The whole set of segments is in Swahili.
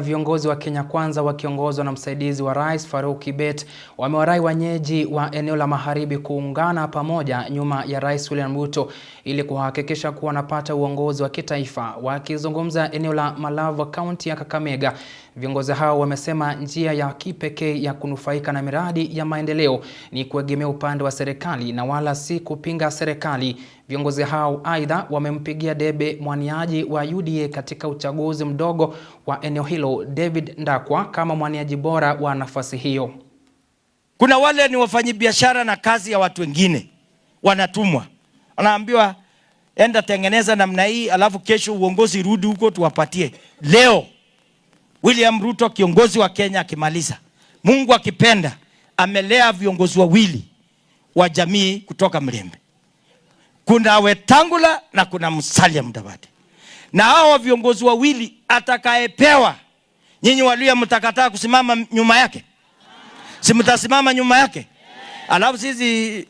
Viongozi wa Kenya Kwanza wakiongozwa na msaidizi wa rais Farouk Kibet wamewarai wenyeji wa eneo la magharibi kuungana pamoja nyuma ya Rais William Ruto ili kuhakikisha kuwa wanapata uongozi wa kitaifa. Wakizungumza eneo la Malava, kaunti ya Kakamega, viongozi hao wamesema njia ya kipekee ya kunufaika na miradi ya maendeleo ni kuegemea upande wa serikali na wala si kupinga serikali. Viongozi hao aidha wamempigia debe mwaniaji wa UDA katika uchaguzi mdogo wa eneo hilo hilo David Ndakwa kama mwaniaji bora wa nafasi hiyo. Kuna wale ni wafanyibiashara na kazi ya watu wengine, wanatumwa, wanaambiwa enda tengeneza namna hii, alafu kesho uongozi rudi huko tuwapatie. Leo William Ruto kiongozi wa Kenya akimaliza, Mungu akipenda, amelea viongozi wawili wa jamii kutoka Mlembe, kuna Wetangula na kuna Musalia Mudavadi, na hao viongozi wawili atakayepewa Nyinyi walio mtakataa kusimama nyuma yake, si mtasimama nyuma yake? Alafu sisi eh,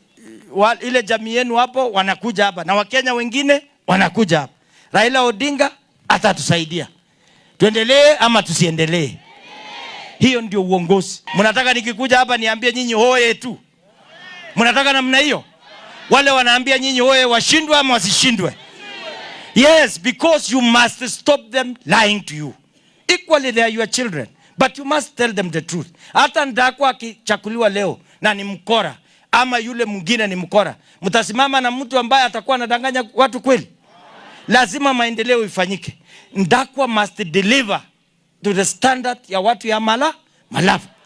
wa, ile jamii yenu hapo wanakuja hapa na Wakenya wengine wanakuja hapa. Raila Odinga atatusaidia, tuendelee ama tusiendelee? Hiyo ndio uongozi. Mnataka nikikuja hapa niambie nyinyi hoye tu? Mnataka namna hiyo? Wale wanaambia nyinyi hoye washindwe ama wasishindwe? Yes, because you must stop them lying to you equally they are your children, but you must tell them the truth. Hata ndakwa akichakuliwa leo na ni mkora ama yule mwingine ni mkora, mtasimama na mtu ambaye atakuwa anadanganya watu kweli? Lazima maendeleo ifanyike. Ndakwa must deliver to the standard ya watu ya mala Malava.